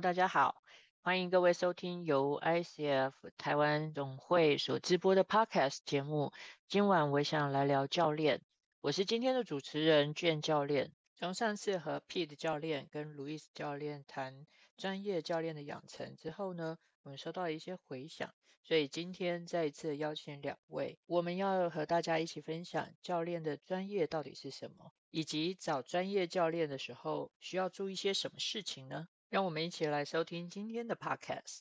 大家好，歡迎各位收聽由 ICF 台灣總會所直播的 Podcast 節目。今晚我想來聊教練，我是今天的主持人 Jan 教練。從上次和 Pitt 教練跟 Louise 教練談專業教練的養成之後呢，我們收到了一些回響，所以今天再一次邀請兩位，我們要和大家一起分享教練的專業到底是什麼，以及找專業教練的時候需要注意一些什麼事情呢？讓我們一起來收聽今天的 podcast。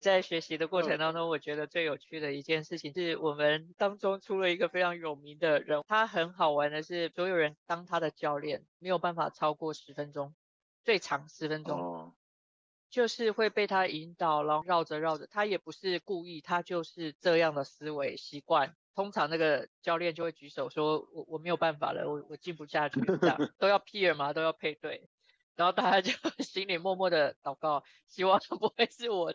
在學習的過程當中，哦、我覺得最有趣的一件事情是我們當中出了一個非常有名的人。他很好玩的是，所有人當他的教練，沒有辦法超過十分鐘，最長十分鐘，哦、就是會被他引導，然後繞着繞着，他也不是故意，他就是這樣的思維習慣。通常那個教練就會舉手說：“我我沒有辦法了，我我進不下去。”這樣都要 peer 嘛，都要配對？然後大家就心裡默默的禱告，希望他不會是我。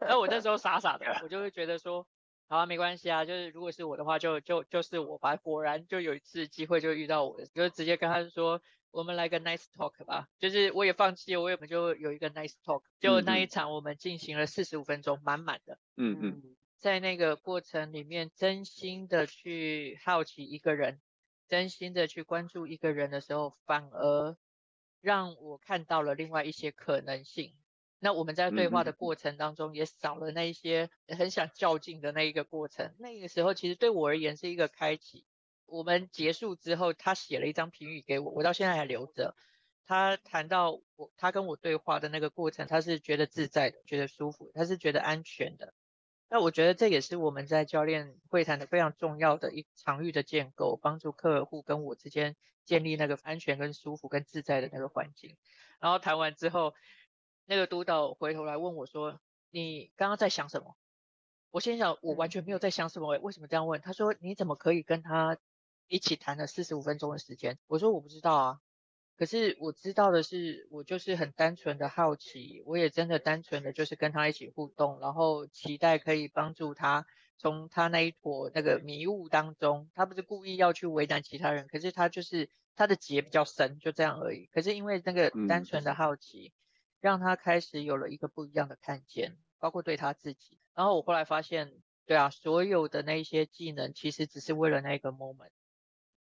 然 後我那時候傻傻的，我就會覺得說，好啊，沒關係啊，就是如果是我的話，就就就是我吧。果然就有一次機會就遇到我了，就直接跟他說，我們來個 nice talk 吧。就是我也放棄了，我也就有一個 nice talk。就那一場，我們進行了四十五分鐘，滿滿的。嗯嗯。嗯在那個過程裡面，真心的去好奇一個人，真心的去關注一個人的時候，反而。讓我看到了另外一些可能性。那我們在對話的過程當中，也少了那一些很想較勁的那一個過程。那個時候，其實對我而言是一個開啟。我們結束之後，他寫了一張評語給我，我到現在還留着。他談到我，他跟我對話的那個過程，他是覺得自在的，覺得舒服，他是覺得安全的。那我覺得這也是我們在教練會談的非常重要的一場域的建構，幫助客戶跟我之間。建立那個安全跟舒服跟自在的那個環境，然後談完之後，那個督導回頭來問我說：“你剛剛在想什麼？”我心想：“我完全沒有在想什麼。”為為什麼這樣問？他說：“你怎麼可以跟他一起談了四十五分鐘的時間？”我說：“我不知道啊。”可是我知道的是，我就是很單純的好奇，我也真的單純的就是跟他一起互動，然後期待可以幫助他從他那一坨那個迷霧當中。他不是故意要去為難其他人，可是他就是。他的結比較深，就這樣而已。可是因為那個單純的好奇，嗯、讓他開始有了一個不一樣的看見，包括對他自己。然後我後來發現，對啊，所有的那些技能其實只是為了那個 moment。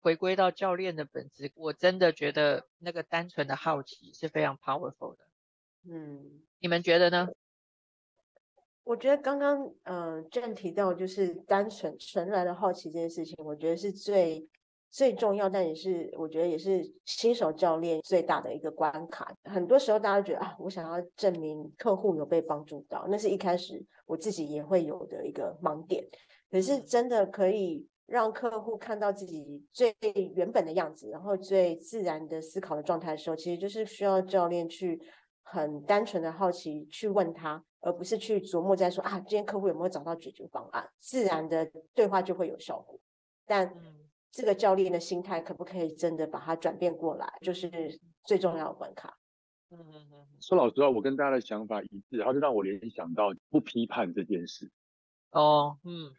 回歸到教練的本質，我真的覺得那個單純的好奇是非常 powerful 的。嗯，你們覺得呢？我覺得剛剛嗯 Jan、呃、提到就是單純純然的好奇這件事情，我覺得是最。最重要，但也是我覺得也是新手教練最大的一個關卡。很多時候，大家覺得啊，我想要證明客戶有被幫助到，那是一開始我自己也會有的一個盲點。可是，真的可以讓客戶看到自己最原本的樣子，然後最自然的思考的狀態的時候，其實就是需要教練去很單純的好奇去問他，而不是去琢磨在說啊，今天客戶有沒有找到解決方案？自然的對話就會有效果，但。這個教練的心態可不可以真的把它轉變過來，就是最重要的關卡。嗯嗯嗯，說老實話，我跟大家的想法一致，然後就讓我聯想到不批判這件事。哦，嗯，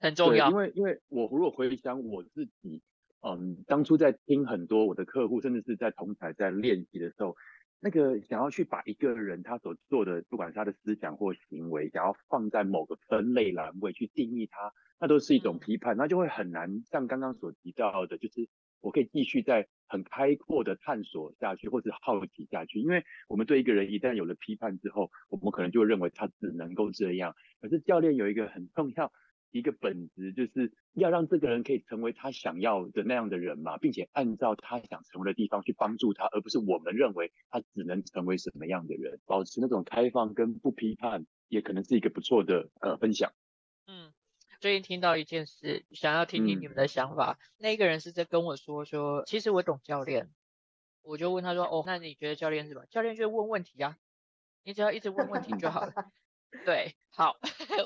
很重要。因為因為我如果回想我自己，嗯，當初在聽很多我的客戶，甚至是在同台在練習的時候。那個想要去把一個人他所做的，不管是他的思想或行為，想要放在某個分類欄位去定義他，那都是一種批判，那就會很難像剛剛所提到的，就是我可以繼續在很開闊的探索下去，或是好奇下去，因為我們對一個人一旦有了批判之後，我們可能就會認為他只能夠這樣。可是教練有一個很重要一個本質就是要讓這個人可以成為他想要的那樣的人嘛，並且按照他想成為的地方去幫助他，而不是我們認為他只能成為什麼樣的人。保持那種開放跟不批判，也可能是一個不錯的呃分享。嗯，最近聽到一件事，想要聽聽你們的想法。嗯、那一個人是在跟我說，說其實我懂教練，我就問他說，哦，那你覺得教練是什麼？教練就問問題呀，啊，你只要一直問問題就好了。 對，好，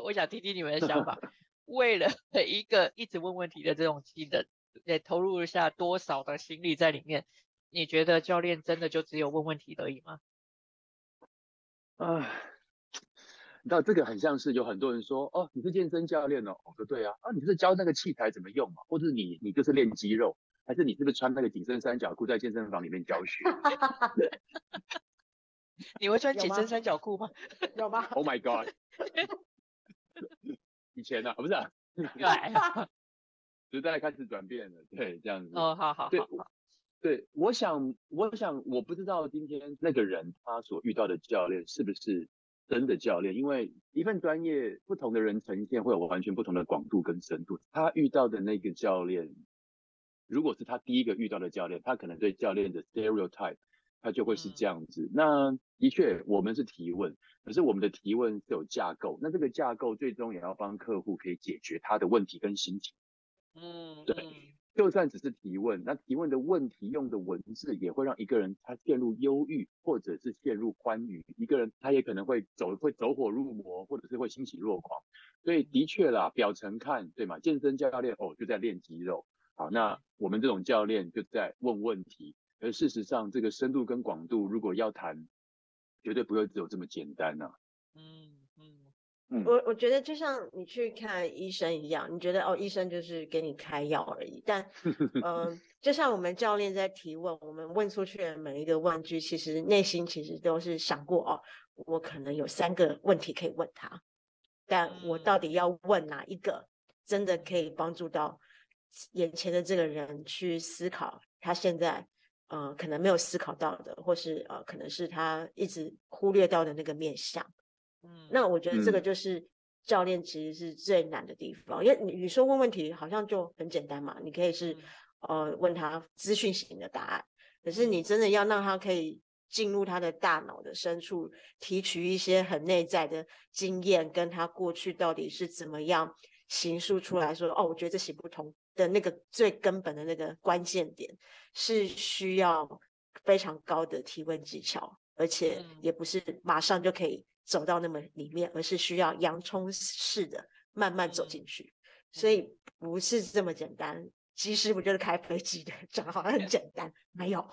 我想聽聽你們的想法。 為了每一個一直問問題的這種技能，也投入一下多少的心力在裡面？你覺得教練真的就只有問問題而已嗎？啊，那這個很像是有很多人說，哦，你是健身教練哦，我說、哦、對啊，啊，你是教那個器材怎麼用嘛，或者你你就是練肌肉，還是你是不是穿那個緊身三角褲在健身房裡面教學？ 你會穿緊身三角褲嗎？有嗎 ？Oh my god！ 以前啊，不是啊，時代 開始轉變了，對，這樣子。哦，好好，對，對，我想，我想，我不知道今天那個人他所遇到的教練是不是真的教練，因為一份專業不同的人呈現會有完全不同的廣度跟深度。他遇到的那個教練，如果是他第一個遇到的教練，他可能對教練的 stereotype。他就會是這樣子。那的確，我們是提問，可是我們的提問是有架構。那這個架構最終也要幫客戶可以解決他的問題跟心情。嗯，嗯對。就算只是提問，那提問的問題用的文字也會讓一個人他陷入憂鬱，或者是陷入歡愉。一個人他也可能會走會走火入魔，或者是會欣喜若狂。所以的確啦，表層看對嘛，健身教練哦就在練肌肉。好，那我們這種教練就在問問題。而事實上，這個深度跟廣度，如果要談，絕對不會只有這麼簡單吶、啊。嗯嗯我我覺得就像你去看醫生一樣，你覺得哦，醫生就是給你開藥而已。但嗯，呃、 就像我們教練在提問，我們問出去的每一個問句，其實內心其實都是想過哦，我可能有三個問題可以問他，但我到底要問哪一個，真的可以幫助到眼前的這個人去思考他現在。呃，可能沒有思考到的，或是呃，可能是他一直忽略到的那個面向。嗯，那我覺得這個就是教練其實是最難的地方，嗯、因為你說問問題好像就很簡單嘛，你可以是、嗯、呃問他資訊型的答案，可是你真的要讓他可以進入他的大腦的深處，提取一些很內在的經驗，跟他過去到底是怎麼樣形塑出來說，嗯、哦，我覺得這行不通。的那個最根本的那個關鍵點，是需要非常高的提問技巧，而且也不是馬上就可以走到那麼裡面，而是需要洋蔥式的慢慢走進去，所以不是這麼簡單。其實我就是開飛機的，講的好像很簡單，沒有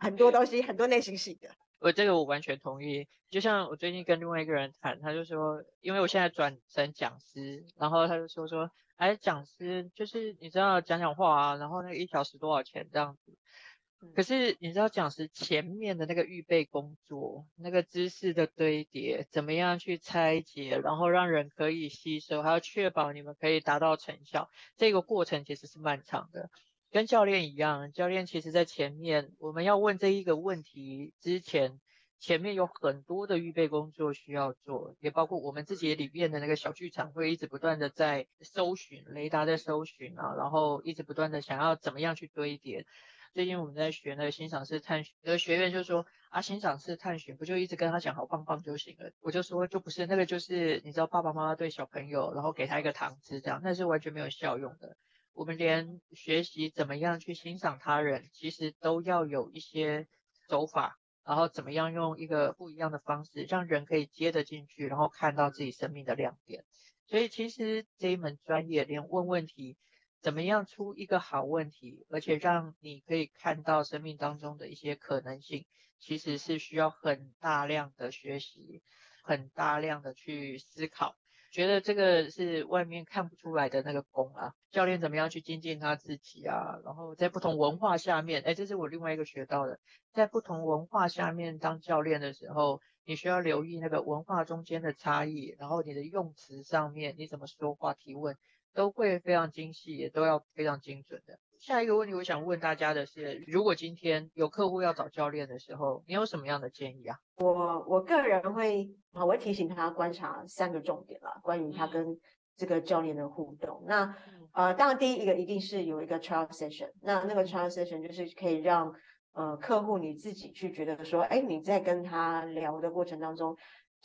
很多東西，很多內心戲的。我這個我完全同意，就像我最近跟另外一個人談，他就說，因為我現在轉成講師，然後他就說說，哎，講師就是你知道講講話啊，然後那個一小時多少錢這樣子，可是你知道講師前面的那個預備工作，那個知識的堆疊，怎麼樣去拆解，然後讓人可以吸收，還要確保你們可以達到成效，這個過程其實是漫長的。跟教練一樣，教練其實在前面我們要問這一個問題之前，前面有很多的預備工作需要做，也包括我們自己裡面的那個小劇場會一直不斷地在搜尋，雷達在搜尋啊，然後一直不斷地想要怎麼樣去堆疊。最近我們在學那個欣賞式探尋，那個學員就說啊，欣賞式探尋，不就一直跟他講好棒棒就行了，我就說就不是那個，就是你知道爸爸媽媽對小朋友，然後給他一個糖吃這樣，那是完全沒有效用的。我們連學習怎麼樣去欣賞他人，其實都要有一些手法，然後怎麼樣用一個不一樣的方式，讓人可以接得進去，然後看到自己生命的亮點。所以，其實這一門專業，連問問題，怎麼樣出一個好問題，而且讓你可以看到生命當中的一些可能性，其實是需要很大量的學習，很大量的去思考。覺得這個是外面看不出來的那個功啊，教練怎麼樣去精進他自己啊？然後在不同文化下面，哎，這是我另外一個學到的，在不同文化下面當教練的時候，你需要留意那個文化中間的差異，然後你的用詞上面，你怎麼說話提問。都會非常精細，也都要非常精準的。下一個問題，我想問大家的是：如果今天有客戶要找教練的時候，你有什麼樣的建議啊？我我個人會啊，我會提醒他觀察三個重點啦、啊，關於他跟這個教練的互動。那呃，當然第一個一定是有一個 trial session，那那個 trial session 就是可以讓呃客戶你自己去覺得說，哎，你在跟他聊的過程當中，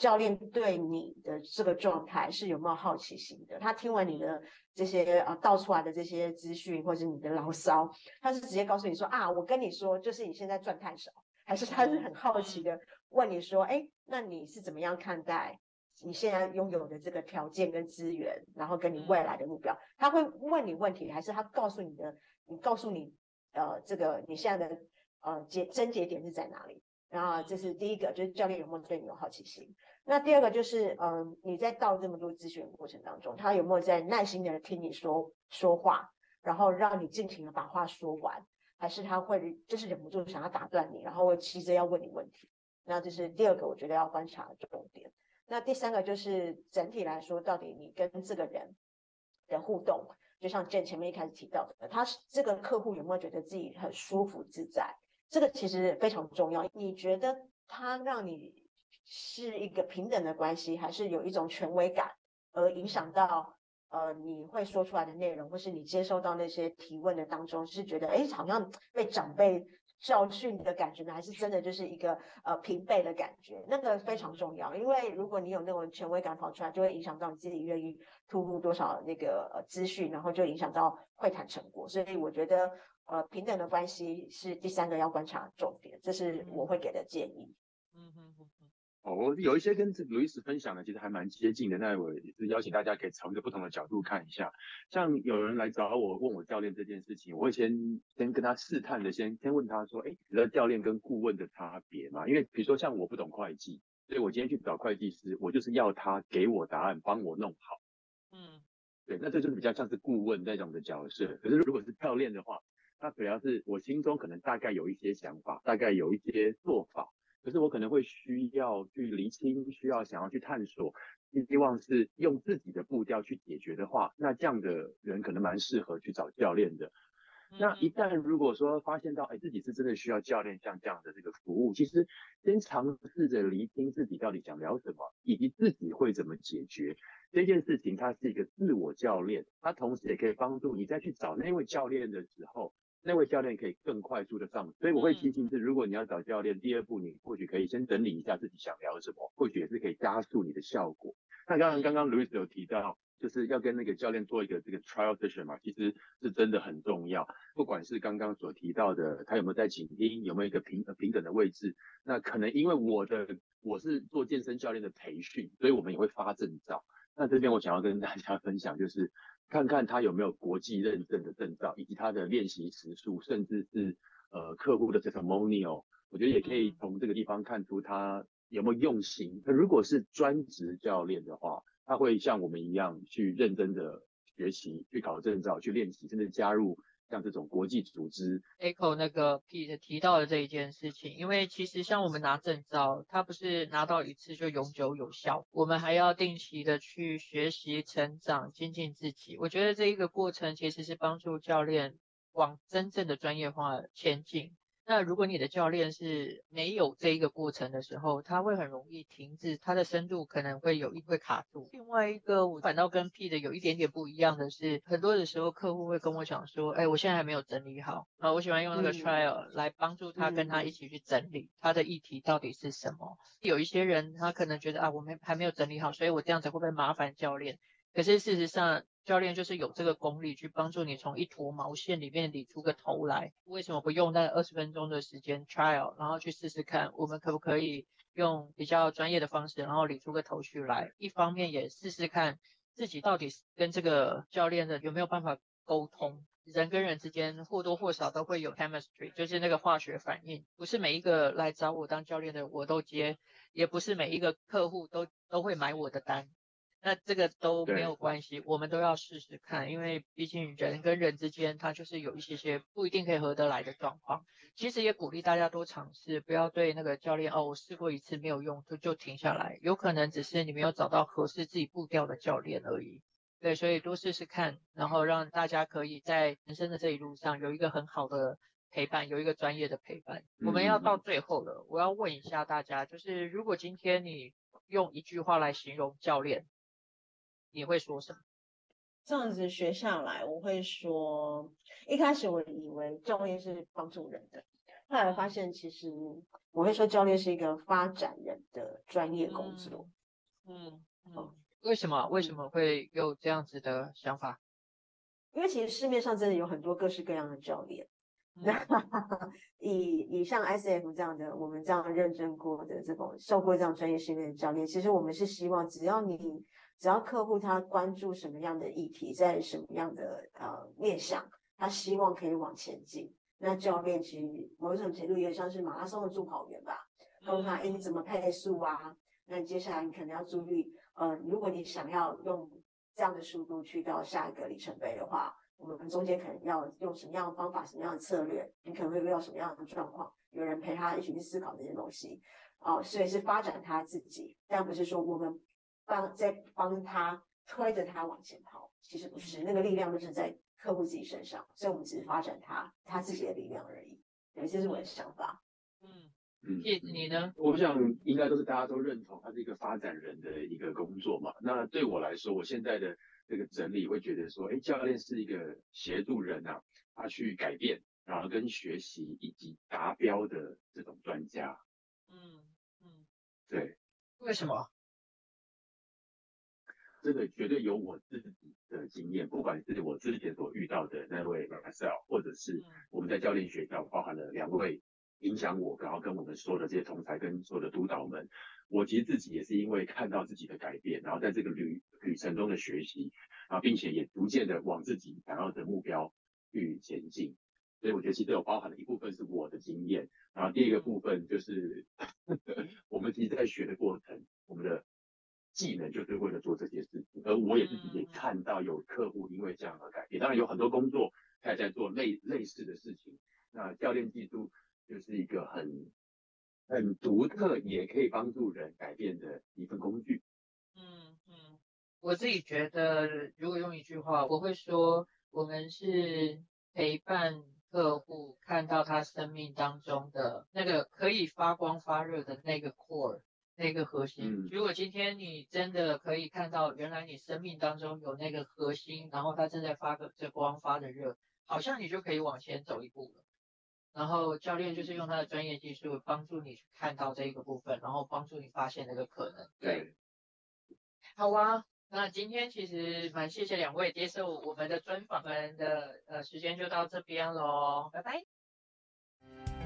教練對你的這個狀態是有沒有好奇心的？他聽完你的這些啊道出來的這些資訊，或者是你的牢騷，他是直接告訴你說啊，我跟你說，就是你現在賺太少，還是他是很好奇的問你說，哎，那你是怎麼樣看待你現在擁有的這個條件跟資源，然後跟你未來的目標？他會問你問題，還是他告訴你的？你告訴你，呃，這個你現在的呃結，症結點是在哪裡？然後這是第一個，就是教練有沒有對你有好奇心。那第二個就是，嗯、呃，你在到這麼多諮詢過程當中，他有沒有在耐心的聽你說說話，然後讓你盡情的把話說完，還是他會就是忍不住想要打斷你，然後會騎急着要問你問題？那就是第二個我覺得要觀察的重點。那第三個就是整體來說，到底你跟這個人的互動，就像 Jan 前面一開始提到的，他是這個客戶有沒有覺得自己很舒服自在？這個其實非常重要。你覺得他讓你？是一個平等的關係，還是有一種權威感，而影響到呃，你會說出來的內容，或是你接收到那些提問的當中，是覺得哎，好像被長輩教訓的感覺呢，還是真的就是一個呃平輩的感覺？那個非常重要，因為如果你有那種權威感跑出來，就會影響到你自己願意透露多少那個資訊，然後就影響到會談成果。所以我覺得呃，平等的關係是第三個要觀察的重點，這是我會給的建議。嗯嗯嗯。哦，我有一些跟這 Louise 分享的，其實還蠻接近的。那我邀請大家可以從一個不同的角度看一下。像有人來找我問我教練這件事情，我會先先跟他試探的，先先問他說，哎，得教練跟顧問的差別嗎？因為比如說像我不懂會計，所以我今天去找會計師，我就是要他給我答案，幫我弄好。嗯，對，那這就比較像是顧問那種的角色。嗯。可是如果是教練的話，他主要是我心中可能大概有一些想法，大概有一些做法。可是我可能會需要去理清，需要想要去探索，希望是用自己的步調去解決的話，那這樣的人可能蠻適合去找教練的。Mm hmm. 那一旦如果說發現到，哎，自己是真的需要教練像這樣的這個服務，其實先嘗試着釐清自己到底想聊什麼，以及自己會怎麼解決這件事情，它是一個自我教練，它同時也可以幫助你再去找那位教練的時候。那位教練可以更快速的上，所以我會提醒是，如果你要找教練，第二步你或許可以先整理一下自己想聊什麼，或許也是可以加速你的效果。那剛剛剛剛 Louise 有提到，就是要跟那個教練做一個這個 trial session 嘛，其實是真的很重要。不管是剛剛所提到的，他有沒有在傾聽，有沒有一個平平等的位置，那可能因為我的我是做健身教練的培訓，所以我們也會發證照。那這邊我想要跟大家分享就是，看看他有沒有國際認證的證照，以及他的練習時數，甚至是呃客戶的 testimonial，我覺得也可以從這個地方看出他有沒有用心。他如果是專職教練的話，他會像我們一樣去認真的學習，去考證照，去練習，甚至加入。像這種國際組織，ICF 那個 Pitt 提到的這一件事情，因為其實像我們拿證照，它不是拿到一次就永久有效，我們還要定期的去學習、成長、精進自己。我覺得這一個過程其實是幫助教練往真正的專業化前進。那如果你的教練是沒有這一個過程的時候，他會很容易停滯，他的深度可能會有一，會卡住。另外一個我反倒跟 Pitt 的有一點點不一樣的是，很多的時候客戶會跟我講說，哎，我現在還沒有整理好啊。我喜歡用那個 trial 來幫助他跟他一起去整理他的議題到底是什麼。嗯嗯嗯、有一些人他可能覺得啊，我沒還沒有整理好，所以我這樣子會不會麻煩教練？可是事實上。教練就是有這個功力去幫助你從一坨毛線裡面理出個頭來。為什麼不用那二十分鐘的時間 trial，然後去試試看，我們可不可以用比較專業的方式，然後理出個頭緒來？一方面也試試看自己到底是跟這個教練的有沒有辦法溝通。人跟人之間或多或少都會有 chemistry，就是那個化學反應。不是每一個來找我當教練的我都接，也不是每一個客戶都都會買我的單。那這個都沒有關係，對我們都要試試看，因為畢竟人跟人之間，它就是有一些些不一定可以合得來的狀況。其實也鼓勵大家多嘗試，不要對那個教練哦，我試過一次沒有用，就就停下來。有可能只是你沒有找到合適自己步調的教練而已。對，所以多試試看，然後讓大家可以在人生的這一路上有一個很好的陪伴，有一個專業的陪伴。嗯，我們要到最後了，我要問一下大家，就是如果今天你用一句話來形容教練？你會說什麼？這樣子學下來，我會說，一開始我以為教練是幫助人的，後來發現其實我會說，教練是一個發展人的專業工作。嗯,嗯,嗯,嗯，為什麼？為什麼會有這樣子的想法？因為其實市面上真的有很多各式各樣的教練。嗯、那以以像 ICF 這樣的，我們這樣認證過的這種受過這樣專業訓練的教練，其實我們是希望只要你。只要客戶他關注什麼樣的議題，在什麼樣的呃面向，他希望可以往前進，那教練其實某種程度也像是馬拉松的助跑員吧，告訴他哎、欸、你怎麼配速啊？那接下來你可能要注意，呃，如果你想要用這樣的速度去到下一個里程碑的話，我們中間可能要用什麼樣的方法、什麼樣的策略，你可能會遇到什麼樣的狀況，有人陪他一起去思考這些東西，哦、呃，所以是發展他自己，但不是說我們。幫在幫他推着他往前跑，其實不是那個力量，都是在客戶自己身上，所以我們只是發展他他自己的力量而已。哎，這是我的想法。嗯嗯，葉、嗯、子你呢？我想應該都是大家都認同，他是一個發展人的一個工作嘛。那對我來說，我現在的這個整理會覺得說，哎，教練是一個協助人吶、啊，他去改變，然後跟學習以及達標的這種專家、嗯。嗯嗯，對。為什麼？這個絕對有我自己的經驗，不管是我之前所遇到的那位 Marcel，或者是我們在教練學校，包含了兩位影響我，然後跟我們所有的這些同儕跟所有的督導們，我其實自己也是因為看到自己的改變，然後在這個旅旅程中的學習，啊，並且也逐漸的往自己想要的目標去前進。所以我覺得其實有包含了一部分是我的經驗，然後第二個部分就是 我們其實在學的過程，我們的。技能就是為了做這些事情，而我也自己也看到有客戶因為這樣而改變。嗯、當然有很多工作他也在做類類似的事情，那教練技術就是一個很很獨特，也可以幫助人改變的一份工具。嗯嗯，我自己覺得，如果用一句話，我會說，我們是陪伴客戶看到他生命當中的那個可以發光發熱的那個 core。那個核心，如果今天你真的可以看到，原來你生命當中有那個核心，然後它正在發着這光、發着熱，好像你就可以往前走一步了。然後教練就是用他的專業技術幫助你去看到這一個部分，然後幫助你發現那個可能。對，好啊，那今天其實蠻謝謝兩位接受我們的專訪，我們的，呃，時間就到這邊嘍，拜拜。